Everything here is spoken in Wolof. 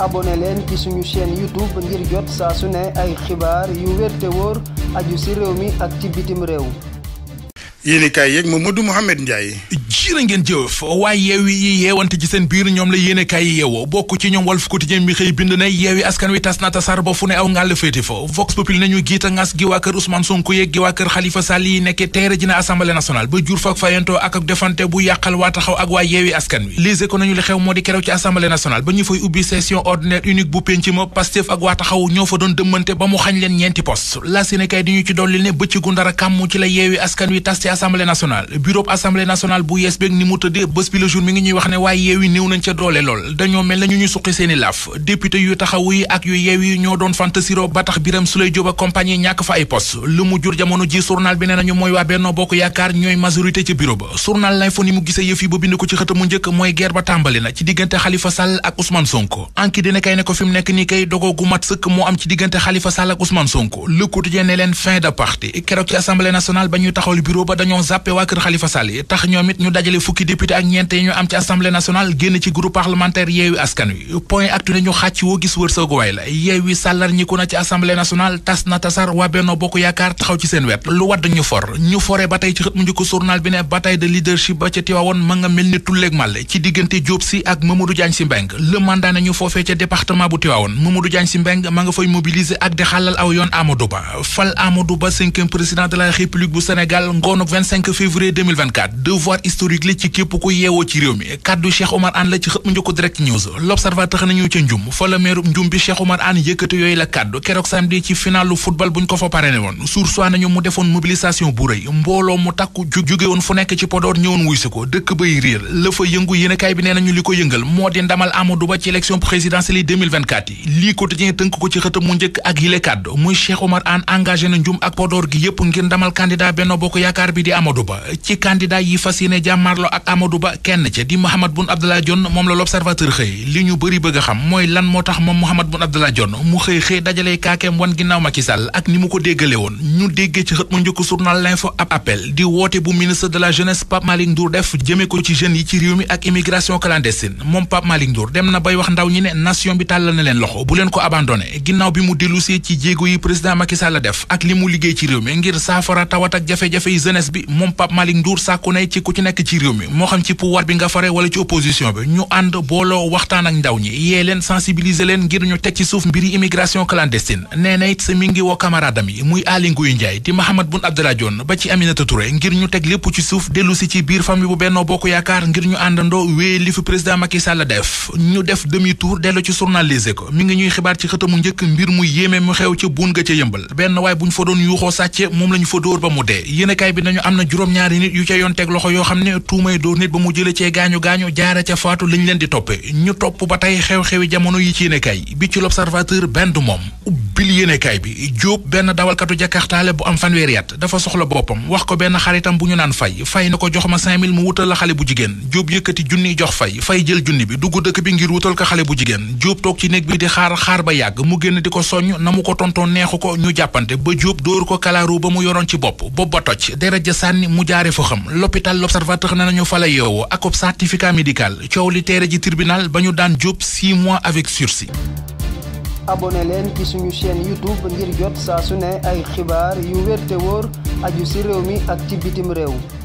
abonné leen ci suñu chaîne YouTube ngir jot saa su ne ay xibaar yu wér te wóor aju ci réew mi ak ci bitim réew. yéen i kaay yeeg Mamadou Mouhamed jiirë ngeen jëf waaye yeewi yi yeewante ci seen biir ñoom la yéene kaay yi yeewoo bokk ci ñoom Walf Quotidien bi xëy bind ne yeewi askan wi tas na tasar ba fu jur fa ak ak defante bu yàqal waa taxaw ak waa yeewi askan wi Les Échos nañu li xew moo di kerew ci Assemblée nationale ba ñu fay ubbi session ordinaire unique bu penc ma ak waa taxaw ñoo fa doon dëmmante ba mu xañ leen ñeenti poste la séenekaay di ñu ci dolli ne bëccëgu bu yees beeg ni mu tëddee bés bi le jour mi ngi ñuy wax ne waaye yeew yi néew nañ ca doole lool dañoo mel na ñu ñu suqi seen laaf député yu taxawu yi ak yu yeew yi ñoo doon fantasiro ba tax Birame Souleye Diop ak compagnie ñàkk fa ay poste lu mu jur jamono ji journal bi nee nañu mooy waa Benno Bokk Yaakaar ñooy majorité ci bureau ba journal l'info ni mu gisee yëf yi ba bind ko ci xëta njëkk mooy guerre ba tàmbali na ci diggante Khalifa Sall ak Ousmane Sonko anki ñu dajale fukki député ak ñeent yi ñu am ci assemblée nationale génn ci groupe parlementaire yeewi askan wi point actu ne ñu xàcc woo gis wërsëgu waay la yeewi sàllar na ci assemblée nationale tas na tasar waa Benno Bokk Yaakaar taxaw ci seen wet lu wadd ñu for ñu fore ba tey ci xët mu njëkk journal bi ne bataille de leadership ba ca Tivaouane ma nga mel ni tulleeg màlle ci diggante Diop Sy ak Mamadou Diagne Sy Mbengue le ma nga fay mobiliser ak historique la ci képp ku yeewoo ci réew mi kaddu Cheikh Omar Anne la ci xët mu njëkk direct news l'observateur nañu ca njum fa njum bi Cheikh Omar Anne yëkkate yooyu la kaddu keroog samedi ci finalu football buñ ko fa parrainé woon sursoi nañu mu defoon mobilisation bu rëy mbooloo mu takku ju fu nekk ci Podor ñëwoon wuy ko dëkk bay riir la fa yëngu yéenekaay bi nee nañu li ko yëngal moo di ndamal Amadou Ba ci élection présidentielle yi lii ko jàmmaarloo ak Amadou Ba kenn ca di Mahammed Boun Abdallah Dionne moom la l'observateur xëy li ñu bëri bëgg xam mooy lan moo tax moom Mahammed Boun Abdallah Dionne mu xëy xëy dajalee kaakeem wan ginnaaw Macky Sall ak ni mu ko déggale woon ñu déggee ci xët mu njëkk journal l'info ab appel di woote bu ministre de la jeunesse Pape Malick Ndour def jëmee ko ci jeunes yi ci réew mi ak immigration clandestine moom Pape Malick Ndour dem na bay wax ndaw ñi ne nation bi tàllal bu leen ko abandonné ginnaaw bi mu dellusee ci li mu liggéey ci réew mi ngir saafara tawat ak nekk ci réew mi moo xam ci pouvoir bi nga fare wala ci opposition bi ñu ànd booloo waxtaan ak ndaw ñi yee leen sensibiliser leen ngir ñu teg ci suuf mbiri immigration clandestine nee na it mi ngi woo camarade am yi muy Aly Ngouille Ndiaye di Mahammed Boun Abdallah Dionne ba ci Aminata Touré ngir ñu teg lépp ci suuf dellu si ci biir famille bu Benno Bokk Yaakaar ngir ñu àndandoo wéye li fi président Macky Sall def ñu def demi tour dellu ci journaliser ko mi ngi ñuy xibaar ci xëtamu njëkk mbir mu yéeme mu xew ca buun ga ca yëmbal benn waay bu ñu fa doon moom la ñu na juróom-ñaari nit yu ca dañoo tuumay dóor nit ba mu jële cee gaañu gaañu jaare ca faatu liñ leen di toppe ñu topp ba tey xew-xewi jamono yi ci yéenekaay bi ci l'observateur benn du moom ubbil yéenekaay bi Jóob benn dawalkatu jakartaale bu am fanweeri at dafa soxla boppam wax ko benn xaritam bu ñu naan fay fay na ko jox ma 5000 mu wutal la xale bu jigéen Jóob yëkkati junni jox fay fay jël junni bi dugg dëkk bi ngir wutal ko xale bu jigéen Jóob toog ci néeg bi di xaar xaar ba yàgg mu génn di ko soññ na mu ko tontoon neexu ko jàppante ba Jóob dóor ko kalaaru ba mu yoroon ci bopp bopp ba toj deret ja mu jaare fa xam l'observateur na nañu fale yeewoo akob certificat médical coow li teere ji tribunal ba ñu daan Diop six mois avec sursis abone leen ci suñu chaîne youtube ngir jot saa su ne ay xibaar yu wér te wóor aju ci réew mi ak ci bitim réew